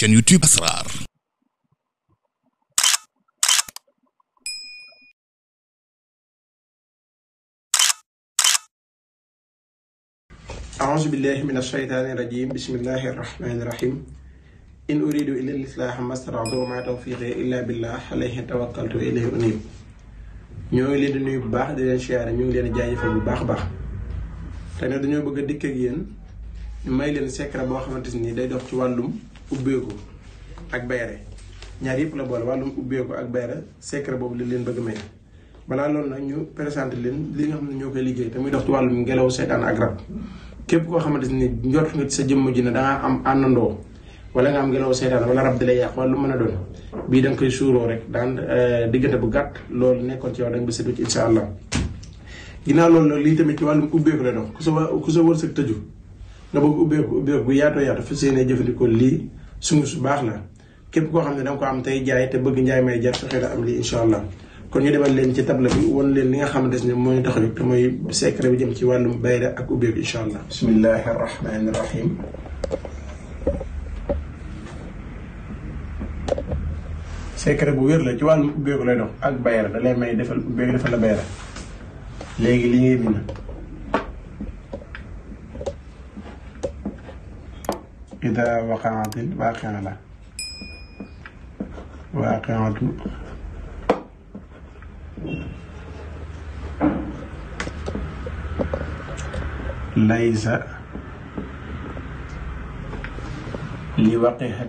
chaîne YouTube Asrar أعوذ بالله من الشيطان الرجيم بسم الله الرحمن الرحيم إن أريد إلا الإصلاح ما استطعت وما توفيقي إلا بالله عليه توكلت وإليه أنيب ñoo ngi leen di nuyu bu baax di leen siyaare ñu ngi leen di jaajëfal bu baax baax te ne dañoo bëgg a dikk ak yéen may leen secret boo xamante nii day dox ci wàllum ubbeeku ak bayre ñaar yëpp la boole wàllum ubbeeku ak bayre secret boobu la leen bëgg may balaa loolu nag ñu présenté leen li nga xam ne ñoo koy liggéey te muy dox ci wàllum ngelaw seetaan ak rab képp koo xamante ni njort nga sa jëmm ji ne dangaa am àndandoo wala nga am ngelaw seetaan wala rab di lay yàq wala lu mën a doon bii danga koy suuroo rek daan eh, diggante bu gàtt loolu nekkoon ci yow da nga bés ci incha allah ginnaaw loolu nag lii tamit ci wàllum ubbeeku la dox ku sa ku sa wërsëg nga bëgg ubbeeku ubbeeku bu yaatoo yaatu fas yéene jëfandikoo lii sungu su baax la képp koo xam ne danga ko am tey jaay te bëgg njaay may jar fexee la am lii incha allah kon ñu demal leen ci tabla bi won leen li nga xam ne moo ñu taxaw te mooy secret bi jëm ci wàllum bayra ak ubbeeku incha allah bismillahi arrahmani rahim secret bu wér la ci wàllum ubbeeku lay dox ak bayra da lay may defal ubbeeku defal la bayra léegi li ngay bind إذا وقعت الواقعة لا واقعة ليس لوقعتها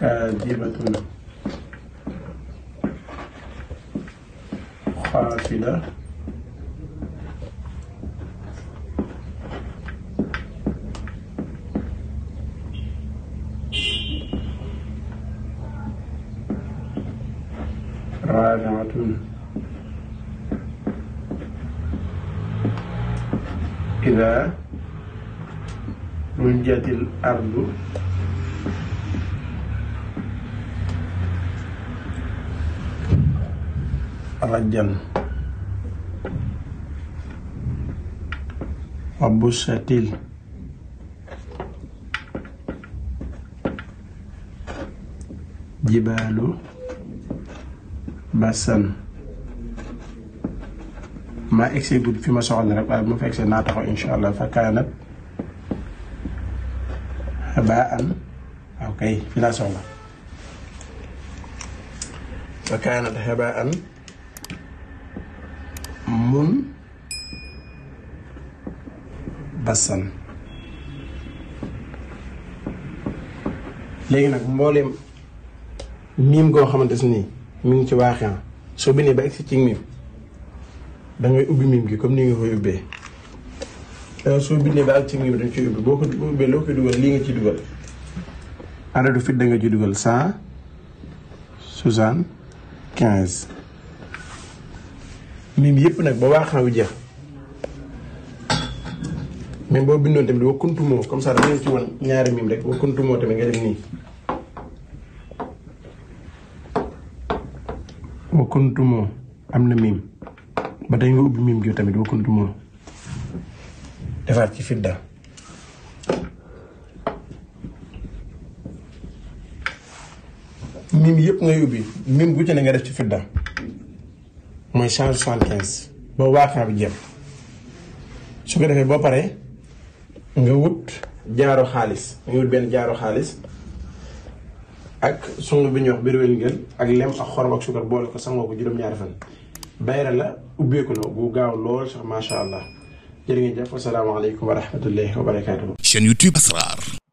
كاذبة Fahrrad wieder. إذا رنجت الأرض مخرجا وبست الجبال بسا ma egsee gudd fi ma soxla rek waaye bu ma fa egsee naa taxaw insha allah fa kaanat habaan waaw kay fi laa soxla fa kaanat habaan شهاب basan léegi nag mbooleem miim koo xamante si nii mu ngi ci waaxee ah, soo bindee ba egsi ci miim dangay ubbi miim gi comme ni nga koy ubbee euh, soo bindee ba ak ci miim danga ciy ubbi boo ko dugal lii nga ci dugal adadu fit da danga ci dugal cent soixante quinze mim yëpp nag ba waa xam wi jeex même boo bindoon tamit wa kuntumoo comme ça dama leen nga def nii wa am na mim ba tey nga ubbi mim gi tamit wa kuntumoo ci fidda mim yëpp ngay ubbi mim gu ci ne nga def ci fidda moy 175 soixante waxa bi jëm su ko defé bo paré nga wut jaaru xaaliss nga wut ben jaaru xaaliss ak sunu biñu wax birwel ngeen ak lem ak xorom ak sugar bol ko sangoo ko juroom ñaar fan bayra la ubbe ko no bu gaaw lool sax ma sha allah jërë jëf assalamu alaykum wa rahmatullahi wa barakatuh chaîne YouTube Asrar